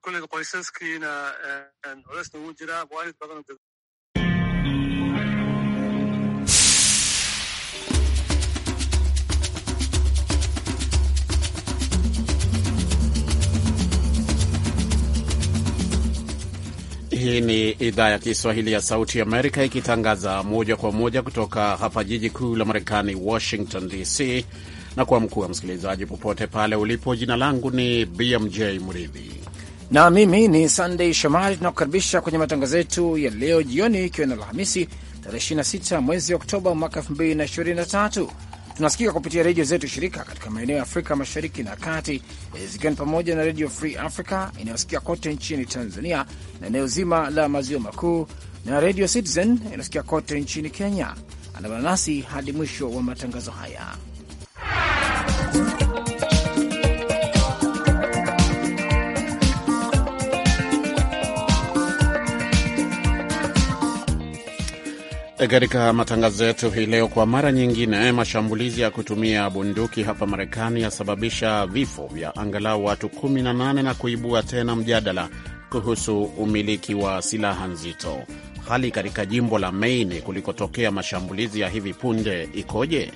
kuled qoysaskiina culaysna wuu jiraa waalid badan Hii ni idhaa ya Kiswahili ya Sauti Amerika ikitangaza moja kwa moja kutoka hapa jiji kuu la Marekani, Washington DC. Na kwa mkuu wa msikilizaji, popote pale ulipo, jina langu ni BMJ Mridhi na mimi ni Sunday Shomari. Tunakukaribisha kwenye matangazo yetu ya leo jioni, ikiwa na Alhamisi tarehe 26 mwezi Oktoba mwaka 2023. Tunasikika kupitia redio zetu shirika katika maeneo ya Afrika mashariki na kati, zikiwa ni pamoja na Redio Free Africa inayosikika kote nchini Tanzania na eneo zima la maziwa makuu na Redio Citizen inayosikika kote nchini Kenya. Andamana nasi hadi mwisho wa matangazo haya. Katika matangazo yetu hii leo, kwa mara nyingine, mashambulizi ya kutumia bunduki hapa Marekani yasababisha vifo vya angalau watu 18 na kuibua tena mjadala kuhusu umiliki wa silaha nzito. Hali katika jimbo la Maine kulikotokea mashambulizi ya hivi punde ikoje?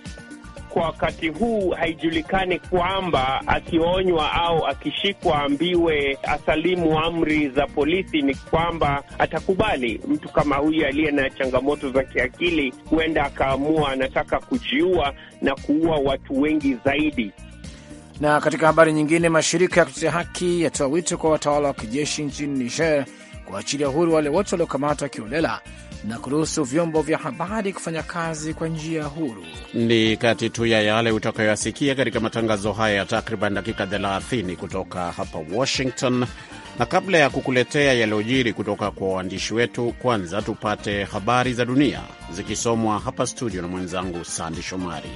kwa wakati huu haijulikani kwamba akionywa au akishikwa ambiwe asalimu amri za polisi, ni kwamba atakubali. Mtu kama huyu aliye na changamoto za kiakili huenda akaamua anataka kujiua na kuua watu wengi zaidi. Na katika habari nyingine, mashirika ya kutetea haki yatoa wito kwa watawala wa kijeshi nchini Niger kuachilia huru wale wote waliokamatwa kiolela na kuruhusu vyombo vya habari kufanya kazi kwa njia huru. Ni kati tu ya yale utakayoyasikia katika matangazo haya ya takriban dakika 30 kutoka hapa Washington. Na kabla ya kukuletea yaliyojiri kutoka kwa waandishi wetu, kwanza tupate habari za dunia zikisomwa hapa studio na mwenzangu Sandi Shomari.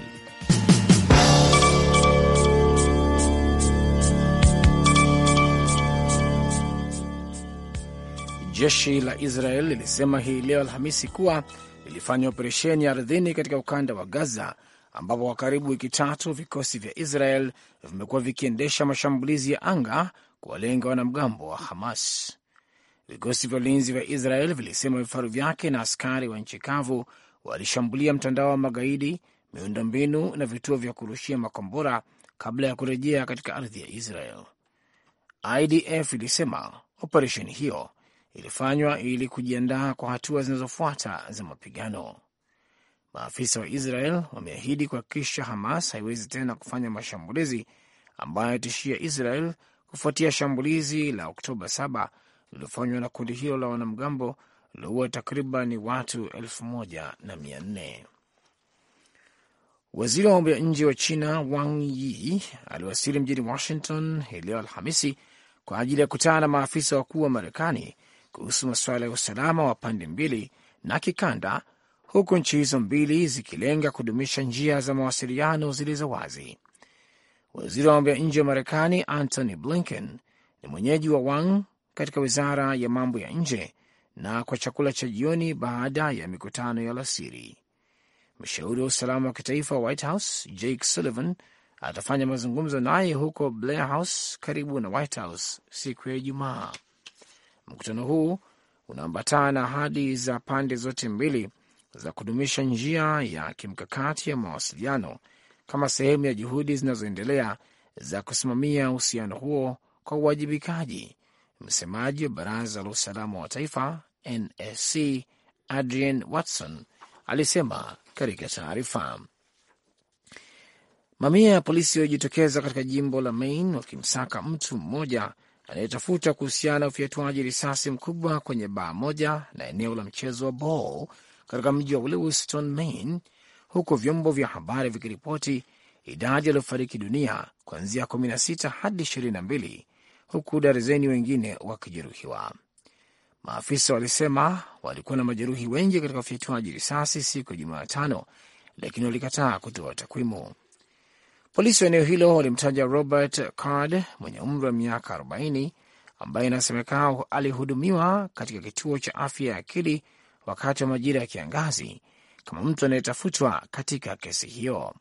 Jeshi la Israel lilisema hii leo Alhamisi kuwa lilifanya operesheni ya ardhini katika ukanda wa Gaza, ambapo kwa karibu wiki tatu vikosi vya Israel vimekuwa vikiendesha mashambulizi ya anga kuwalenga wanamgambo wa Hamas. Vikosi vya ulinzi vya Israel vilisema vifaru vyake na askari wa nchi kavu walishambulia mtandao wa magaidi, miundombinu na vituo vya kurushia makombora kabla ya kurejea katika ardhi ya Israel. IDF ilisema operesheni hiyo ilifanywa ili kujiandaa kwa hatua zinazofuata za mapigano. Maafisa wa Israel wameahidi kuhakikisha Hamas haiwezi tena kufanya mashambulizi ambayo tishia Israel kufuatia shambulizi la Oktoba 7 lililofanywa na kundi hilo la wanamgambo lililoua takriban watu elfu Waziri wa mambo ya nje wa China Wang Yi aliwasili mjini Washington hii leo Alhamisi kwa ajili ya kutana na maafisa wakuu wa Marekani kuhusu masuala ya usalama wa pande mbili na kikanda, huku nchi hizo mbili zikilenga kudumisha njia za mawasiliano zilizo wazi. Waziri wa mambo ya nje wa Marekani Antony Blinken ni mwenyeji wa Wang katika wizara ya mambo ya nje na kwa chakula cha jioni baada ya mikutano ya alasiri. Mshauri wa usalama wa kitaifa wa White House Jake Sullivan atafanya mazungumzo naye huko Blair House karibu na White House siku ya Ijumaa. Mkutano huu unaambatana na ahadi za pande zote mbili za kudumisha njia ya kimkakati ya mawasiliano kama sehemu ya juhudi zinazoendelea za kusimamia uhusiano huo kwa uwajibikaji. Msemaji wa Baraza la Usalama wa Taifa NSC Adrian Watson alisema katika taarifa. Mamia ya polisi waliojitokeza katika jimbo la Maine wakimsaka mtu mmoja anayetafuta kuhusiana na ufyatuaji risasi mkubwa kwenye baa moja na eneo la mchezo wa ball katika mji wa Lewiston, Maine, huku vyombo vya habari vikiripoti idadi yaliyofariki dunia kuanzia 16 hadi 22 huku darzeni wengine wakijeruhiwa. Maafisa walisema walikuwa na majeruhi wengi katika ufyatuaji risasi siku ya Jumatano, lakini walikataa kutoa takwimu. Polisi wa eneo hilo walimtaja Robert Card mwenye umri wa miaka 40 ambaye inasemekana alihudumiwa katika kituo cha afya ya akili wakati wa majira ya kiangazi kama mtu anayetafutwa katika kesi hiyo.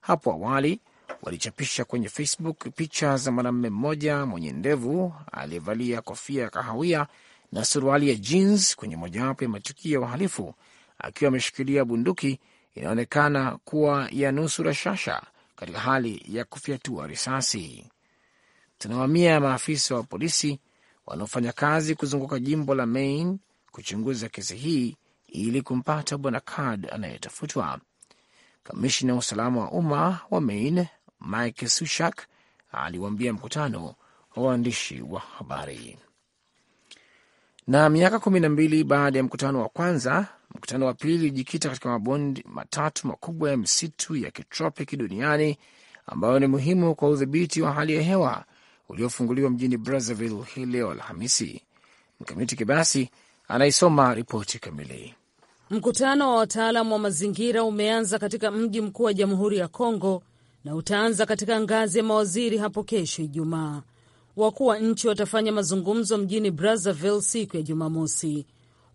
Hapo awali walichapisha kwenye Facebook picha za mwanamume mmoja mwenye ndevu aliyevalia kofia ya kahawia na suruali ya jeans kwenye mojawapo ya matukio ya uhalifu akiwa ameshikilia bunduki inaonekana kuwa ya nusu rashasha katika hali ya kufyatua risasi. Tunawamia ya maafisa wa polisi wanaofanya kazi kuzunguka jimbo la Maine kuchunguza kesi hii ili kumpata bwana Card anayetafutwa. kamishina wa usalama wa umma wa Maine Mike Sushak aliwaambia mkutano wa waandishi wa habari. Na miaka kumi na mbili baada ya mkutano wa kwanza, mkutano wa pili ulijikita katika mabondi matatu makubwa ya misitu ya kitropiki duniani ambayo ni muhimu kwa udhibiti wa hali ya hewa uliofunguliwa mjini Brazzaville hii leo Alhamisi. Mkamiti Kibasi anaisoma ripoti kamili. Mkutano wa wataalamu wa mazingira umeanza katika mji mkuu wa Jamhuri ya Kongo na utaanza katika ngazi ya mawaziri hapo kesho Ijumaa wakuu wa nchi watafanya mazungumzo mjini Brazzaville siku ya Jumamosi.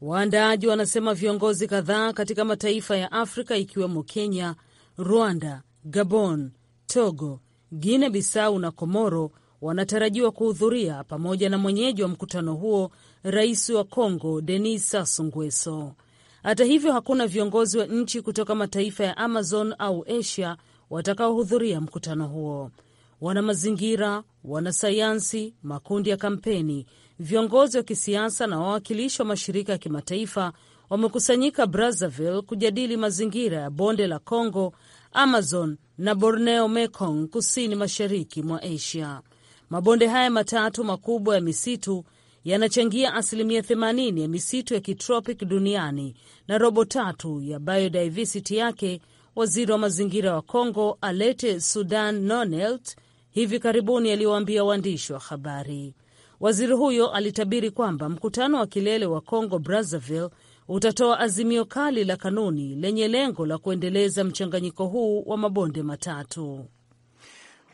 Waandaaji wanasema viongozi kadhaa katika mataifa ya Afrika ikiwemo Kenya, Rwanda, Gabon, Togo, guine Bissau na Komoro wanatarajiwa kuhudhuria pamoja na mwenyeji wa mkutano huo, rais wa congo Denis Sassou Nguesso. Hata hivyo, hakuna viongozi wa nchi kutoka mataifa ya Amazon au Asia watakaohudhuria mkutano huo wanamazingira, wanasayansi, makundi ya kampeni, viongozi wa kisiasa na wawakilishi wa mashirika ya kimataifa wamekusanyika Brazzaville kujadili mazingira ya bonde la Congo, Amazon na Borneo Mekong, kusini mashariki mwa Asia. Mabonde haya matatu makubwa ya misitu yanachangia asilimia 80 ya misitu ya kitropic duniani na robo tatu ya biodiversity yake. Waziri wa mazingira wa Congo Alete Sudan Nonelt hivi karibuni aliwaambia waandishi wa habari. Waziri huyo alitabiri kwamba mkutano wa kilele wa Congo Brazzaville utatoa azimio kali la kanuni lenye lengo la kuendeleza mchanganyiko huu wa mabonde matatu.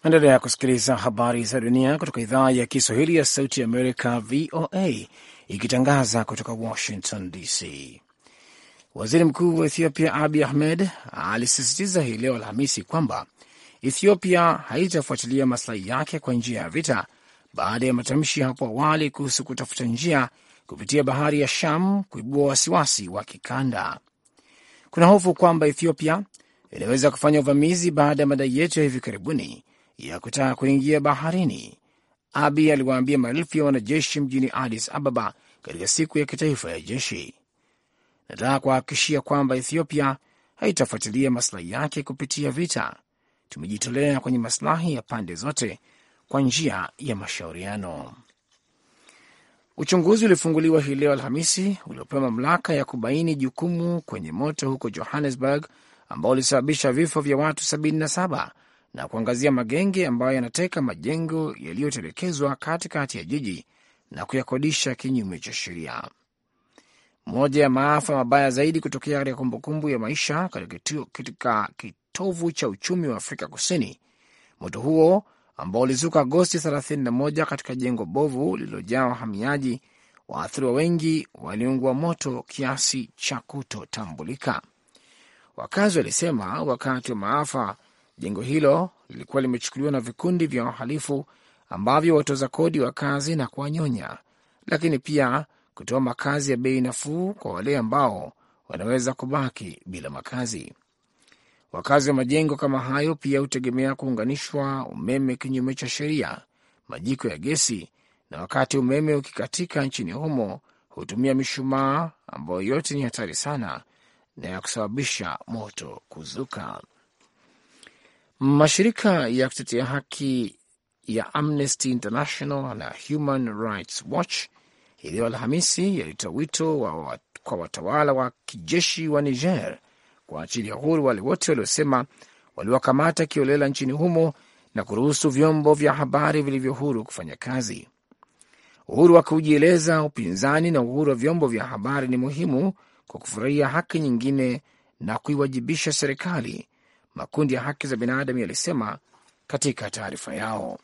Endelea kusikiliza habari za dunia kutoka idhaa ya Kiswahili ya Sauti ya Amerika, VOA, ikitangaza kutoka Washington DC. Waziri Mkuu wa Ethiopia Abiy Ahmed alisisitiza hii leo Alhamisi kwamba Ethiopia haitafuatilia maslahi yake kwa njia ya vita baada ya matamshi hapo awali kuhusu kutafuta njia kupitia bahari ya Sham kuibua wasiwasi wa kikanda. Kuna hofu kwamba Ethiopia inaweza kufanya uvamizi baada ya madai yetu ya hivi karibuni ya kutaka kuingia baharini, Abi aliwaambia maelfu ya wanajeshi mjini Addis Ababa katika siku ya kitaifa ya jeshi. Nataka kuhakikishia kwamba Ethiopia haitafuatilia maslahi yake kupitia vita tumejitolea kwenye masilahi ya pande zote kwa njia ya mashauriano. Uchunguzi uliofunguliwa hii leo Alhamisi uliopewa mamlaka ya kubaini jukumu kwenye moto huko Johannesburg ambao ulisababisha vifo vya watu 77 na kuangazia magenge ambayo yanateka majengo yaliyotelekezwa katikati ya jiji na kuyakodisha kinyume cha sheria. Moja ya maafa mabaya zaidi kutokea katika kumbukumbu ya maisha katika kitovu cha uchumi wa Afrika Kusini. Moto huo ambao ulizuka Agosti 31 katika jengo bovu lililojaa wahamiaji, waathiriwa wengi waliungua moto kiasi cha kutotambulika. Wakazi walisema wakati wa maafa, jengo hilo lilikuwa limechukuliwa na vikundi vya wahalifu ambavyo watoza kodi wa kazi na kuwanyonya, lakini pia kutoa makazi ya bei nafuu kwa wale ambao wanaweza kubaki bila makazi. Wakazi wa majengo kama hayo pia hutegemea kuunganishwa umeme kinyume cha sheria, majiko ya gesi, na wakati umeme ukikatika nchini humo hutumia mishumaa ambayo yote ni hatari sana na ya kusababisha moto kuzuka. Mashirika ya kutetea haki ya Amnesty International na Human Rights Watch iliyo Alhamisi yalitoa wito wa kwa watawala wa kijeshi wa Niger kuachilia huru wale wote waliosema waliwakamata kiolela nchini humo na kuruhusu vyombo vya habari vilivyo huru kufanya kazi. Uhuru wa kujieleza, upinzani na uhuru wa vyombo vya habari ni muhimu kwa kufurahia haki nyingine na kuiwajibisha serikali, makundi ya haki za binadamu yalisema katika taarifa yao.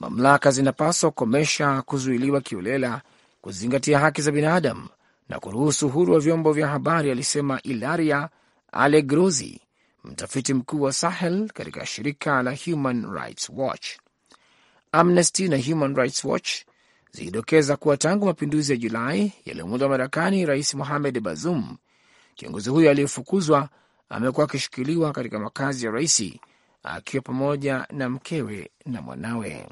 Mamlaka zinapaswa kukomesha kuzuiliwa kiolela, kuzingatia haki za binadamu na kuruhusu uhuru wa vyombo vya habari, alisema Ilaria Alegrozi, mtafiti mkuu wa Sahel katika shirika la Human Rights Watch. Amnesty na Human Rights Watch zilidokeza kuwa tangu mapinduzi ya Julai yaliyomuondoa madarakani Rais Mohamed Bazoum, kiongozi huyo aliyefukuzwa amekuwa akishikiliwa katika makazi ya raisi akiwa pamoja na mkewe na mwanawe.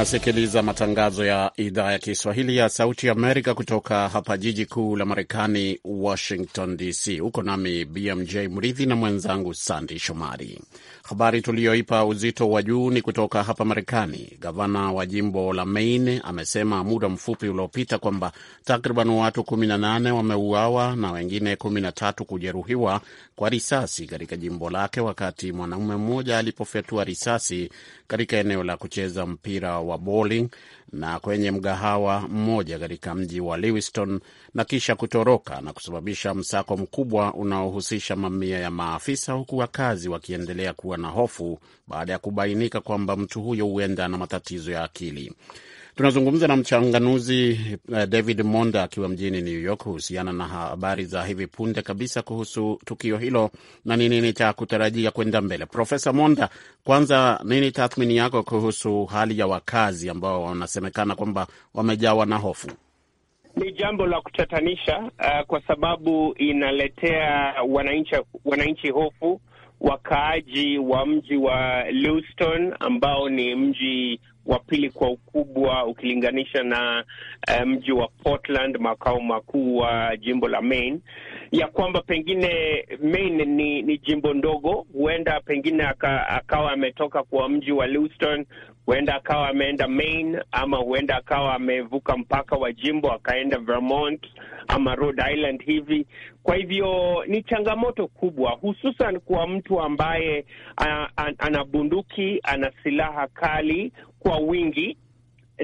Unasikiliza matangazo ya idhaa ya Kiswahili ya Sauti Amerika kutoka hapa jiji kuu la Marekani, Washington DC. Huko nami BMJ Mridhi na mwenzangu Sandi Shomari. Habari tuliyoipa uzito wa juu ni kutoka hapa Marekani. Gavana wa jimbo la Maine amesema muda mfupi uliopita kwamba takriban watu 18 wameuawa na wengine 13 kujeruhiwa kwa risasi katika jimbo lake wakati mwanaume mmoja alipofyatua risasi katika eneo la kucheza mpira wa bowling na kwenye mgahawa mmoja katika mji wa Lewiston na kisha kutoroka na kusababisha msako mkubwa unaohusisha mamia ya maafisa, huku wakazi wakiendelea kuwa na hofu baada ya kubainika kwamba mtu huyo huenda ana matatizo ya akili. Tunazungumza na mchanganuzi eh, David Monda akiwa mjini New York kuhusiana na habari za hivi punde kabisa kuhusu tukio hilo na ni nini cha kutarajia kwenda mbele. Profesa Monda, kwanza, nini tathmini yako kuhusu hali ya wakazi ambao wanasemekana kwamba wamejawa na hofu? Ni jambo la kutatanisha uh, kwa sababu inaletea wananchi wananchi hofu. Wakaaji wa mji wa Lewiston ambao ni mji wa pili kwa ukubwa ukilinganisha na eh, mji um, wa Portland, makao makuu wa jimbo la Maine, ya kwamba pengine Maine ni, ni jimbo ndogo, huenda pengine akawa ametoka kwa mji wa Lewiston huenda akawa ameenda Maine ama huenda akawa amevuka mpaka wa jimbo akaenda Vermont ama Rhode Island hivi. Kwa hivyo ni changamoto kubwa, hususan kwa mtu ambaye ana bunduki, ana silaha kali kwa wingi,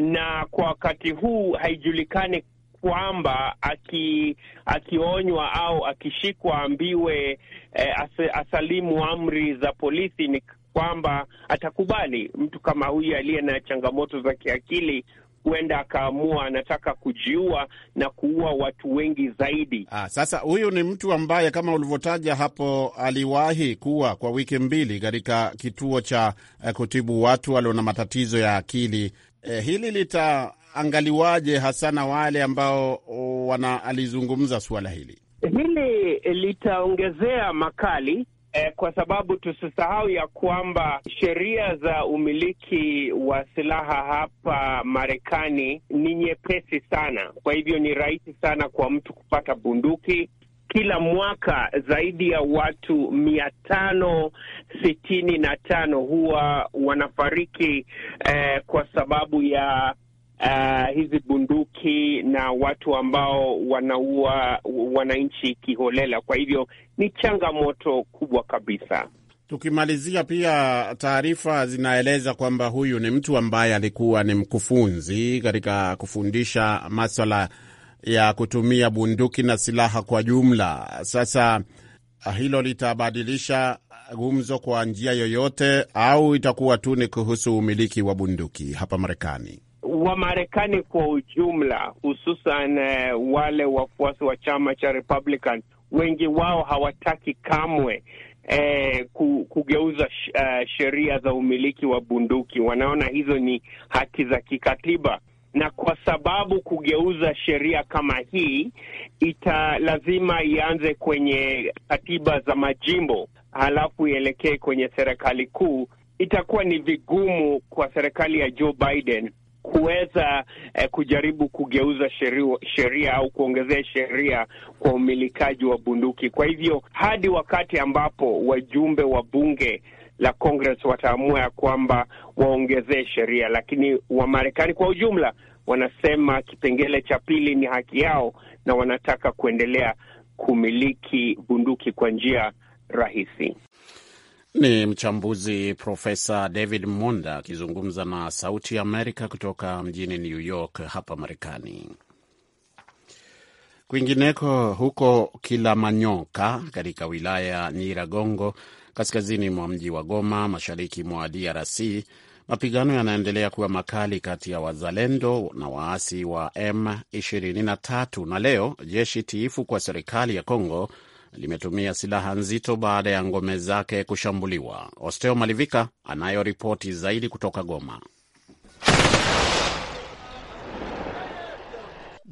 na kwa wakati huu haijulikani kwamba aki, akionywa au akishikwa ambiwe eh, as, asalimu amri za polisi ni kwamba atakubali mtu kama huyu aliye na changamoto za kiakili huenda akaamua anataka kujiua na kuua watu wengi zaidi. Ah, sasa huyu ni mtu ambaye kama ulivyotaja hapo aliwahi kuwa kwa wiki mbili katika kituo cha eh, kutibu watu walio na matatizo ya akili. Eh, hili litaangaliwaje hasa na wale ambao alizungumza suala hili? Hili litaongezea makali eh, kwa sababu tusisahau ya kwamba sheria za umiliki wa silaha hapa Marekani ni nyepesi sana. Kwa hivyo ni rahisi sana kwa mtu kupata bunduki. Kila mwaka zaidi ya watu mia tano sitini na tano huwa wanafariki eh, kwa sababu ya uh, hizi bunduki na watu ambao wanaua wananchi kiholela. Kwa hivyo ni changamoto kubwa kabisa. Tukimalizia pia, taarifa zinaeleza kwamba huyu ni mtu ambaye alikuwa ni mkufunzi katika kufundisha maswala ya kutumia bunduki na silaha kwa jumla. Sasa hilo litabadilisha gumzo kwa njia yoyote, au itakuwa tu ni kuhusu umiliki wa bunduki hapa Marekani? Wamarekani kwa ujumla, hususan uh, wale wafuasi wa chama cha Republican, wengi wao hawataki kamwe Eh, ku, kugeuza sh, uh, sheria za umiliki wa bunduki. Wanaona hizo ni haki za kikatiba, na kwa sababu kugeuza sheria kama hii ita lazima ianze kwenye katiba za majimbo halafu ielekee kwenye serikali kuu, itakuwa ni vigumu kwa serikali ya Joe Biden kuweza eh, kujaribu kugeuza sheria au kuongezea sheria kwa umilikaji wa bunduki. Kwa hivyo hadi wakati ambapo wajumbe wa bunge la Congress wataamua ya kwamba waongezee sheria, lakini Wamarekani kwa ujumla wanasema kipengele cha pili ni haki yao na wanataka kuendelea kumiliki bunduki kwa njia rahisi. Ni mchambuzi Profesa David Monda akizungumza na Sauti ya Amerika kutoka mjini New York hapa Marekani. Kwingineko huko Kilamanyoka katika wilaya ya Nyiragongo, kaskazini mwa mji wa Goma, mashariki mwa DRC, mapigano yanaendelea kuwa makali kati ya wazalendo na waasi wa M23 na leo jeshi tiifu kwa serikali ya congo limetumia silaha nzito baada ya ngome zake kushambuliwa. Osteo Malivika anayo ripoti zaidi kutoka Goma.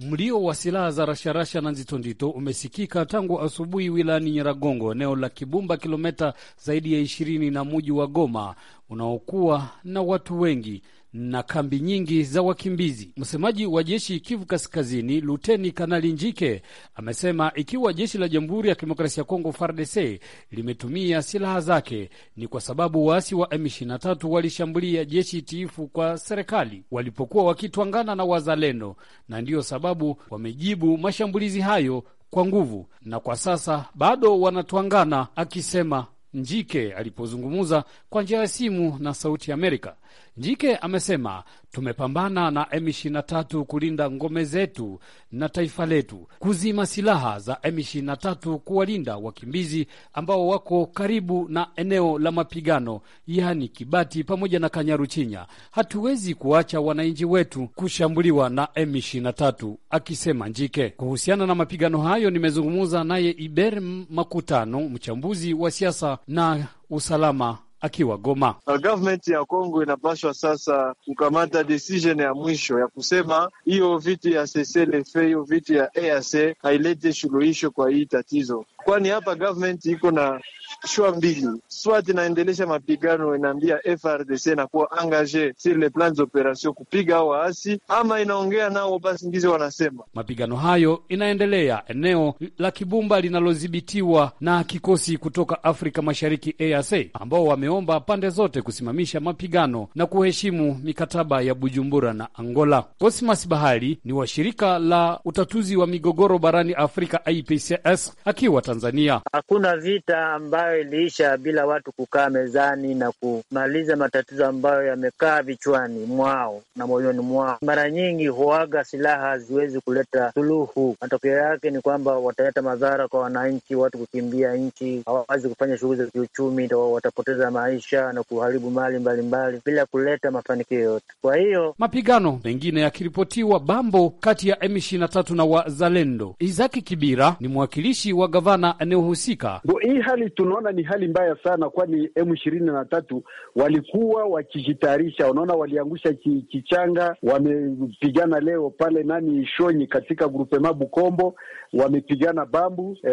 Mlio wa silaha za rasharasha na nzito nzito umesikika tangu asubuhi wilayani Nyiragongo, eneo la Kibumba, kilometa zaidi ya ishirini na muji wa Goma, unaokuwa na watu wengi na kambi nyingi za wakimbizi. Msemaji wa jeshi Kivu Kaskazini, Luteni Kanali Njike, amesema ikiwa jeshi la Jamhuri ya Kidemokrasia ya Kongo FARDC limetumia silaha zake ni kwa sababu waasi wa M23 walishambulia jeshi tiifu kwa serikali walipokuwa wakitwangana na wazalendo, na ndiyo sababu wamejibu mashambulizi hayo kwa nguvu, na kwa sasa bado wanatwangana, akisema Njike alipozungumza kwa njia ya simu na Sauti Amerika. Njike amesema tumepambana na M23 kulinda ngome zetu na taifa letu, kuzima silaha za M23, kuwalinda wakimbizi ambao wako karibu na eneo la mapigano, yaani Kibati pamoja na Kanyaruchinya. Hatuwezi kuacha wananchi wetu kushambuliwa na M23, akisema Njike. Kuhusiana na mapigano hayo, nimezungumza naye Iber Makutano, mchambuzi wa siasa na usalama akiwa Goma. Gavmenti ya Kongo inapashwa sasa kukamata decision ya mwisho ya kusema hiyo vitu ya CCLF hiyo vitu ya EAC hailete suluhisho kwa hii tatizo, kwani hapa gavmenti iko na choix mbili swat inaendelesha mapigano, inaambia FRDC inakuwa engage sur le plan d'operation kupiga hao waasi, ama inaongea nao basi, ndizo wanasema. Mapigano hayo inaendelea eneo la Kibumba linalodhibitiwa na kikosi kutoka Afrika Mashariki EAC, ambao wameomba pande zote kusimamisha mapigano na kuheshimu mikataba ya Bujumbura na Angola. Cosmas Bahali ni wa shirika la utatuzi wa migogoro barani Afrika IPCS akiwa Tanzania. Hakuna vita ambayo ambayo iliisha bila watu kukaa mezani na kumaliza matatizo ambayo yamekaa vichwani mwao na moyoni mwao. Mara nyingi huaga silaha haziwezi kuleta suluhu. Matokeo yake ni kwamba wataleta madhara kwa wananchi, watu kukimbia nchi, hawawezi kufanya shughuli za kiuchumi, watapoteza maisha na kuharibu mali mbalimbali bila kuleta mafanikio yote. Kwa hiyo mapigano mengine yakiripotiwa Bambo kati ya M23 na Wazalendo. Izaki Kibira ni mwakilishi wa gavana husika. hii hali tunaona naona ni hali mbaya sana, kwani M ishirini na tatu walikuwa wakijitayarisha. Unaona, waliangusha kichanga, wamepigana leo pale nani shonyi katika grupema kombo wamepigana Bambu e,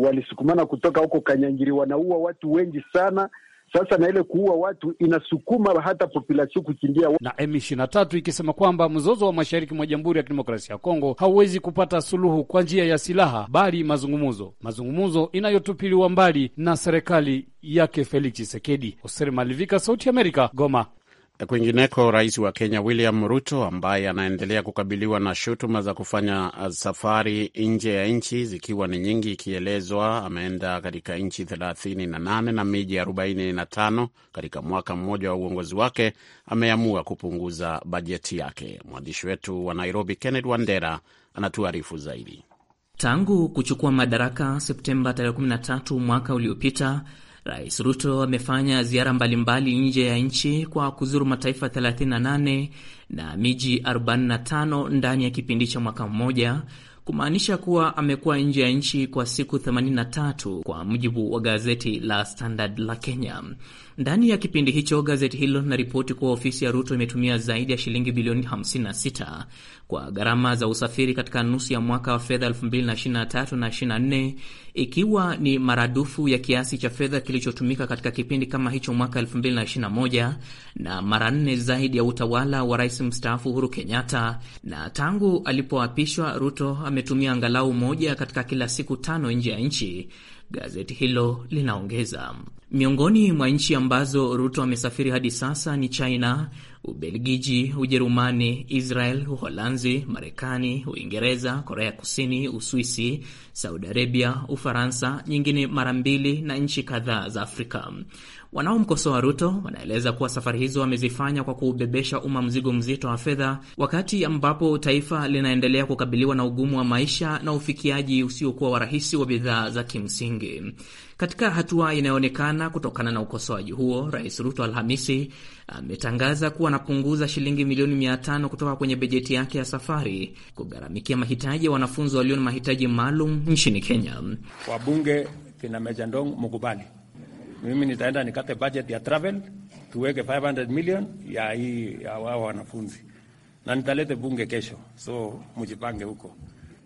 walisukumana kutoka huko Kanyangiri, wanaua watu wengi sana sasa na ile kuua watu inasukuma hata populasio kukimbia. Na M23 ikisema kwamba mzozo wa mashariki mwa Jamhuri ya Kidemokrasia ya Kongo hauwezi kupata suluhu kwa njia ya silaha, bali mazungumzo, mazungumzo inayotupiliwa mbali na serikali yake Felix chisekedi Hoser Malivika, Sauti ya Amerika, Goma. Eh, kwingineko, rais wa Kenya William Ruto ambaye anaendelea kukabiliwa na shutuma za kufanya uh, safari nje ya nchi zikiwa ni nyingi, ikielezwa ameenda katika nchi 38 na miji 45 katika mwaka mmoja wa uongozi wake, ameamua kupunguza bajeti yake. Mwandishi wetu wa Nairobi Kenneth Wandera anatuarifu zaidi. Tangu kuchukua madaraka Septemba 13 mwaka uliopita Rais Ruto amefanya ziara mbalimbali nje ya nchi kwa kuzuru mataifa 38 na miji 45 ndani ya kipindi cha mwaka mmoja, kumaanisha kuwa amekuwa nje ya nchi kwa siku 83 kwa mujibu wa gazeti la Standard la Kenya. Ndani ya kipindi hicho gazeti hilo linaripoti kuwa ofisi ya Ruto imetumia zaidi ya shilingi bilioni 56 kwa gharama za usafiri katika nusu ya mwaka wa fedha 2023 na 24, ikiwa ni maradufu ya kiasi cha fedha kilichotumika katika kipindi kama hicho mwaka 2021 na mara nne zaidi ya utawala wa rais mstaafu Uhuru Kenyatta. Na tangu alipoapishwa, Ruto ametumia angalau moja katika kila siku tano nje ya nchi Gazeti hilo linaongeza, miongoni mwa nchi ambazo Ruto amesafiri hadi sasa ni China, Ubelgiji, Ujerumani, Israel, Uholanzi, Marekani, Uingereza, Korea Kusini, Uswisi, Saudi Arabia, Ufaransa, nyingine mara mbili na nchi kadhaa za Afrika. Wanaomkosoa Ruto wanaeleza kuwa safari hizo wamezifanya kwa kuubebesha umma mzigo mzito wa fedha, wakati ambapo taifa linaendelea kukabiliwa na ugumu wa maisha na ufikiaji usiokuwa wa rahisi wa bidhaa za kimsingi. Katika hatua inayoonekana kutokana na ukosoaji huo, Rais Ruto Alhamisi ametangaza kuwa anapunguza shilingi milioni mia tano kutoka kwenye bajeti yake ya safari kugharamikia mahitaji ya wanafunzi walio na mahitaji maalum nchini Kenya. Wabunge kina Meja Ndong Mugubali mimi nitaenda nikate budget ya travel tuweke 500 million ya hii ya wao wanafunzi, na nitalete bunge kesho, so mjipange huko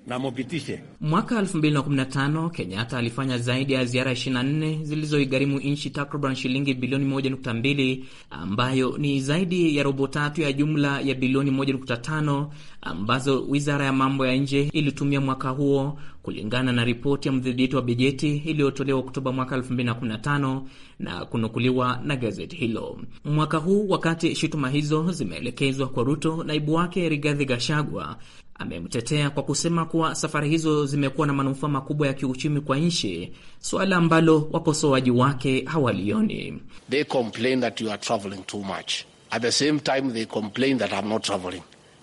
na mupitishe. Mwaka 2015 Kenyatta alifanya zaidi ya ziara 24 zilizoigharimu nchi takriban shilingi bilioni 1.2 ambayo ni zaidi ya robo tatu ya jumla ya bilioni 1.5 ambazo wizara ya mambo ya nje ilitumia mwaka huo, kulingana na ripoti ya mdhibiti wa bajeti iliyotolewa Oktoba mwaka 2015 na kunukuliwa na gazeti hilo. Mwaka huu, wakati shutuma hizo zimeelekezwa kwa Ruto, naibu wake Rigathi Gashagwa amemtetea kwa kusema kuwa safari hizo zimekuwa na manufaa makubwa ya kiuchumi kwa nchi, suala ambalo wakosoaji wake hawalioni. They complain that you are traveling too much. At the same time they complain that I'm not traveling.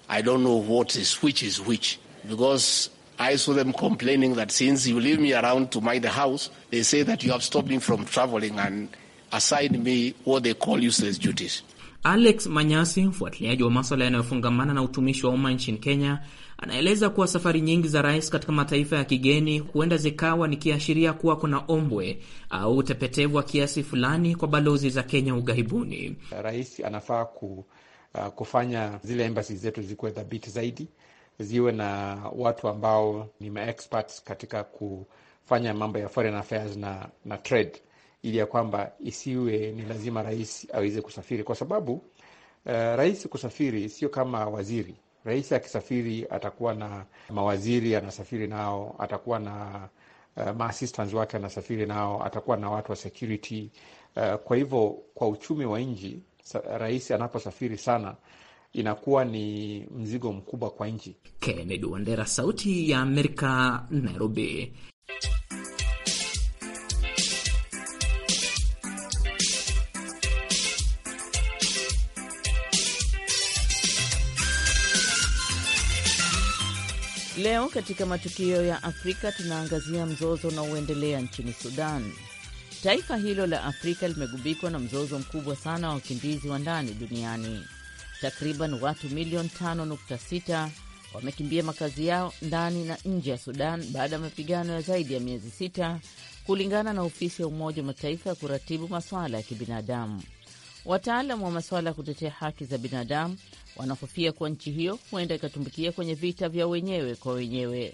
I don't know what is which is which because I saw them complaining that since you leave me around to the house, they say that you have stopped me from traveling and assigned me what they call useless duties. Alex Manyasi, mfuatiliaji wa maswala yanayofungamana na utumishi wa umma nchini Kenya, Anaeleza kuwa safari nyingi za rais katika mataifa ya kigeni huenda zikawa ni kiashiria kuwa kuna ombwe au utepetevu wa kiasi fulani kwa balozi za Kenya ughaibuni. Rais anafaa ku, uh, kufanya zile embasi zetu zikuwe thabiti zaidi, ziwe na watu ambao ni maexperts katika kufanya mambo ya foreign affairs na, na trade, ili ya kwamba isiwe ni lazima rais aweze kusafiri, kwa sababu uh, rais kusafiri sio kama waziri Rais akisafiri atakuwa na mawaziri anasafiri nao, atakuwa na uh, eh, maassistants wake anasafiri nao, atakuwa na watu wa security uh, kwa hivyo kwa uchumi wa nchi rais anaposafiri sana inakuwa ni mzigo mkubwa kwa nchi. Kennedy Wandera, Sauti ya Amerika, Nairobi. Leo katika matukio ya Afrika tunaangazia mzozo unaoendelea nchini Sudan. Taifa hilo la Afrika limegubikwa na mzozo mkubwa sana wa wakimbizi wa ndani duniani. Takriban watu milioni 5.6 wamekimbia makazi yao ndani na nje ya Sudan baada ya mapigano ya zaidi ya miezi sita, kulingana na ofisi ya Umoja wa Mataifa ya kuratibu masuala ya kibinadamu. Wataalam wa masuala ya kutetea haki za binadamu wanahofia kuwa nchi hiyo huenda ikatumbukia kwenye vita vya wenyewe kwa wenyewe.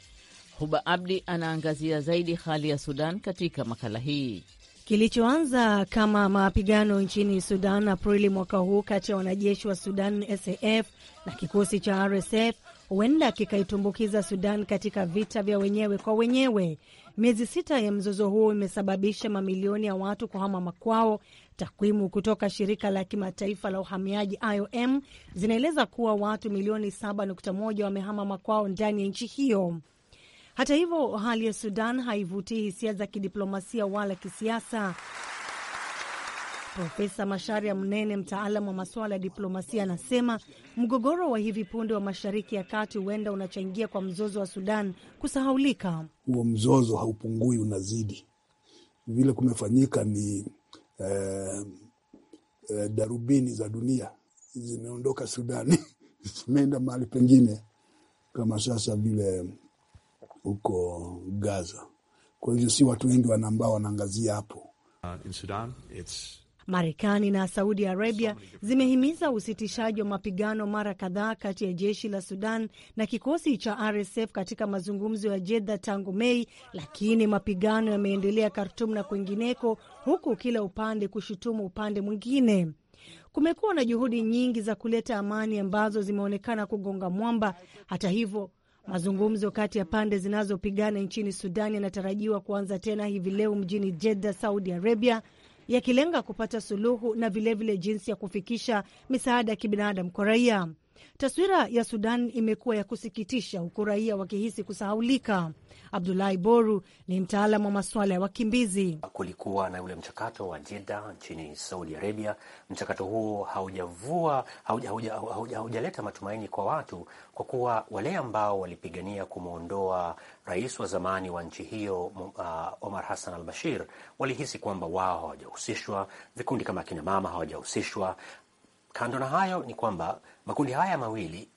Huba Abdi anaangazia zaidi hali ya Sudan katika makala hii. Kilichoanza kama mapigano nchini Sudan Aprili mwaka huu kati ya wanajeshi wa Sudan SAF na kikosi cha RSF huenda kikaitumbukiza Sudan katika vita vya wenyewe kwa wenyewe Miezi sita ya mzozo huo imesababisha mamilioni ya watu kuhama makwao. Takwimu kutoka shirika la kimataifa la uhamiaji IOM zinaeleza kuwa watu milioni 7.1 wamehama makwao ndani ya nchi hiyo. Hata hivyo, hali ya Sudan haivutii hisia za kidiplomasia wala kisiasa. Profesa Masharia Mnene, mtaalamu wa masuala ya diplomasia, anasema mgogoro wa hivi punde wa Mashariki ya Kati huenda unachangia kwa mzozo wa Sudan kusahaulika. Huo mzozo haupungui, unazidi. Vile kumefanyika ni eh, eh, darubini za dunia zimeondoka Sudani zimeenda mahali pengine, kama sasa vile huko Gaza. Kwa hivyo si watu wengi wanaambao wanaangazia hapo. Uh, in Sudan, it's Marekani na Saudi Arabia zimehimiza usitishaji wa mapigano mara kadhaa kati ya jeshi la Sudan na kikosi cha RSF katika mazungumzo ya Jedha tangu Mei, lakini mapigano yameendelea Khartum na kwingineko, huku kila upande kushutumu upande mwingine. Kumekuwa na juhudi nyingi za kuleta amani ambazo zimeonekana kugonga mwamba. Hata hivyo mazungumzo kati ya pande zinazopigana nchini Sudan yanatarajiwa kuanza tena hivi leo mjini Jeddah, Saudi Arabia, yakilenga kupata suluhu na vilevile vile jinsi ya kufikisha misaada ya kibinadamu kwa raia. Taswira ya Sudan imekuwa ya kusikitisha, huku raia wakihisi kusahaulika. Abdulahi Boru ni mtaalamu wa masuala ya wakimbizi. Kulikuwa na ule mchakato wa Jeda nchini Saudi Arabia. Mchakato huo haujavua haujaleta hauja, hauja, hauja matumaini kwa watu, kwa kuwa wale ambao walipigania kumwondoa rais wa zamani wa nchi hiyo uh, Omar Hassan al Bashir walihisi kwamba wao hawajahusishwa, vikundi kama akinamama hawajahusishwa Kando na hayo ni kwamba makundi haya mawili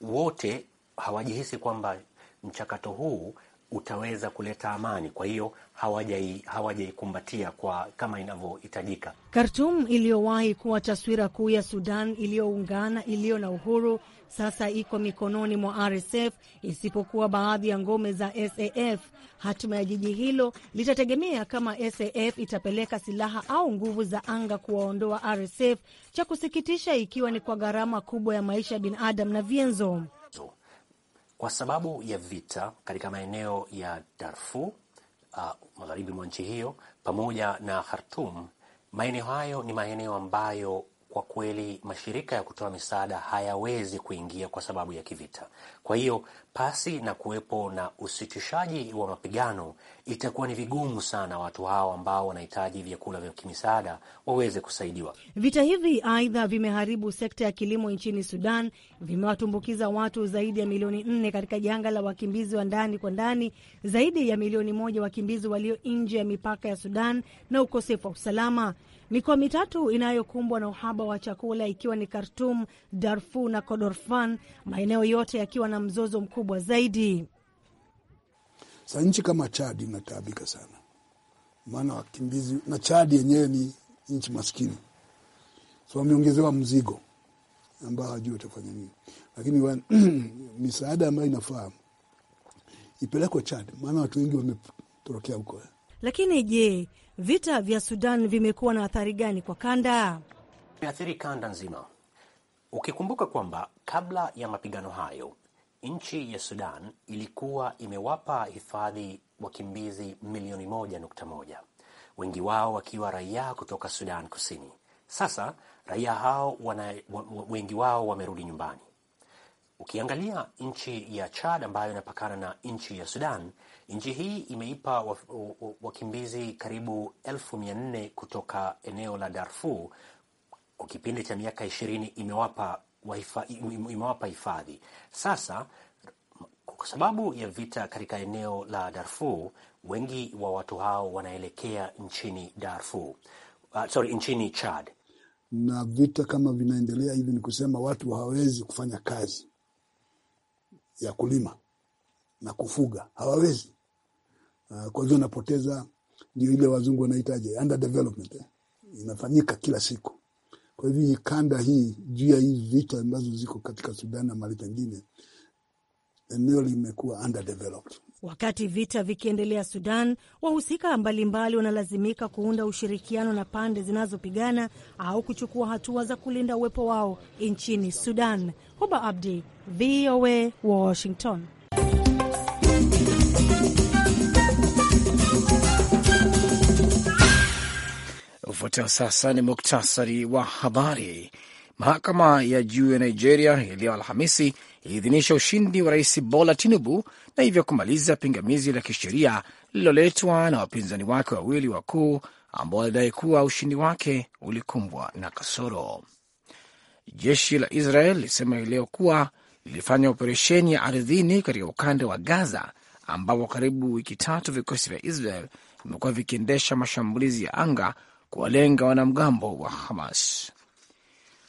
wote hawajihisi kwamba mchakato huu utaweza kuleta amani, kwa hiyo hawajaikumbatia hawajai kwa kama inavyohitajika. Khartum iliyowahi kuwa taswira kuu ya Sudan iliyoungana iliyo na uhuru sasa iko mikononi mwa RSF isipokuwa baadhi ya ngome za SAF. Hatima ya jiji hilo litategemea kama SAF itapeleka silaha au nguvu za anga kuwaondoa RSF, cha kusikitisha ikiwa ni kwa gharama kubwa ya maisha ya binadamu na vyenzo. Kwa sababu ya vita katika maeneo ya Darfur, uh, magharibi mwa nchi hiyo pamoja na hartum maeneo hayo ni maeneo ambayo kwa kweli mashirika ya kutoa misaada hayawezi kuingia kwa sababu ya kivita. Kwa hiyo pasi na kuwepo na usitishaji wa mapigano, itakuwa ni vigumu sana watu hao ambao wanahitaji vyakula vya kimisaada waweze kusaidiwa. Vita hivi aidha vimeharibu sekta ya kilimo nchini Sudan, vimewatumbukiza watu zaidi ya milioni nne katika janga la wakimbizi wa ndani kwa ndani, zaidi ya milioni moja wakimbizi walio nje ya mipaka ya Sudan na ukosefu wa usalama. Mikoa mitatu inayokumbwa na uhaba wa chakula ikiwa ni Khartum, Darfur na Kordofan, maeneo yote yakiwa na mzozo mkubwa zaidi. Sa nchi kama Chadi inataabika sana, maana wakimbizi na Chadi yenyewe ni nchi maskini, so wameongezewa mzigo ambao hawajui watafanya nini, lakini misaada ambayo inafaa ipelekwe Chad, maana watu wengi wametorokea huko. Lakini je, Vita vya Sudan vimekuwa na athari gani kwa kanda? Imeathiri kanda nzima, ukikumbuka kwamba kabla ya mapigano hayo nchi ya Sudan ilikuwa imewapa hifadhi wakimbizi milioni moja nukta moja, wengi wao wakiwa raia kutoka Sudan Kusini. Sasa raia hao wana, wengi wao wamerudi nyumbani. Ukiangalia nchi ya Chad ambayo inapakana na nchi ya Sudan Nchi hii imeipa wakimbizi karibu elfu mia nne kutoka eneo la Darfur kwa kipindi cha miaka ishirini imewapa imewapa hifadhi. Sasa kwa sababu ya vita katika eneo la Darfur, wengi wa watu hao wanaelekea nchini Darfur, uh, sorry, nchini Chad. Na vita kama vinaendelea hivi, ni kusema watu hawawezi kufanya kazi ya kulima na kufuga, hawawezi Ah, kwa hivyo napoteza ndio ile wazungu wanaitaje underdevelopment eh? Inafanyika kila siku. Kwa hivyo kanda hii juu ya hii vita ambazo ziko katika Sudan na mali pengine, eneo limekuwa underdeveloped. Wakati vita vikiendelea Sudan, wahusika mbalimbali wanalazimika kuunda ushirikiano na pande zinazopigana au kuchukua hatua za kulinda uwepo wao nchini Sudan. Huba Abdi, VOA, Washington. Ufuatao sasa ni muktasari wa habari. Mahakama ya juu ya Nigeria iliyo Alhamisi iliidhinisha ushindi wa rais Bola Tinubu na hivyo kumaliza pingamizi la kisheria lililoletwa na wapinzani wake wawili wakuu ambao walidai kuwa ushindi wake ulikumbwa na kasoro. Jeshi la Israel lilisema leo kuwa lilifanya operesheni ya ardhini katika ukanda wa Gaza ambapo karibu wiki tatu vikosi vya Israel vimekuwa vikiendesha mashambulizi ya anga kuwalenga wanamgambo wa Hamas.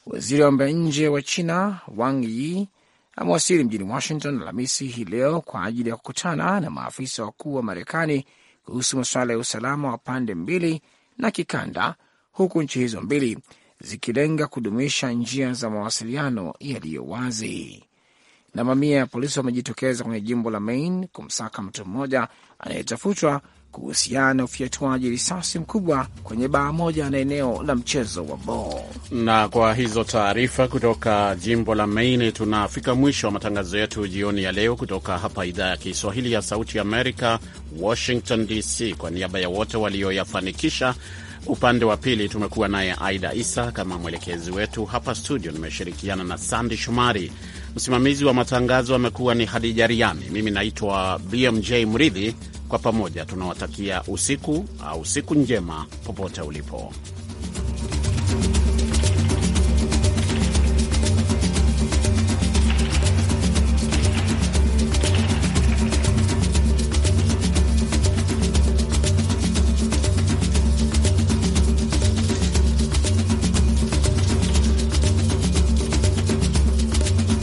Waziri wa mambo ya nje wa China Wang Yi amewasili mjini Washington Alhamisi hii leo kwa ajili ya kukutana na maafisa wakuu wa Marekani kuhusu masuala ya usalama wa pande mbili na kikanda, huku nchi hizo mbili zikilenga kudumisha njia za mawasiliano yaliyo wazi na mamia ya polisi wamejitokeza kwenye jimbo la Maine kumsaka mtu mmoja anayetafutwa kuhusiana na ufiatuaji risasi mkubwa kwenye baa moja na eneo la mchezo wa bo Na kwa hizo taarifa kutoka jimbo la Maine, tunafika mwisho wa matangazo yetu jioni ya leo kutoka hapa idhaa ya Kiswahili ya Sauti Amerika, Washington DC. Kwa niaba ya wote walioyafanikisha upande wa pili tumekuwa naye Aida Isa kama mwelekezi wetu hapa studio, nimeshirikiana na Sandi Shumari. Msimamizi wa matangazo amekuwa ni Hadija Riami. Mimi naitwa BMJ Mridhi. Kwa pamoja tunawatakia usiku au siku njema popote ulipo.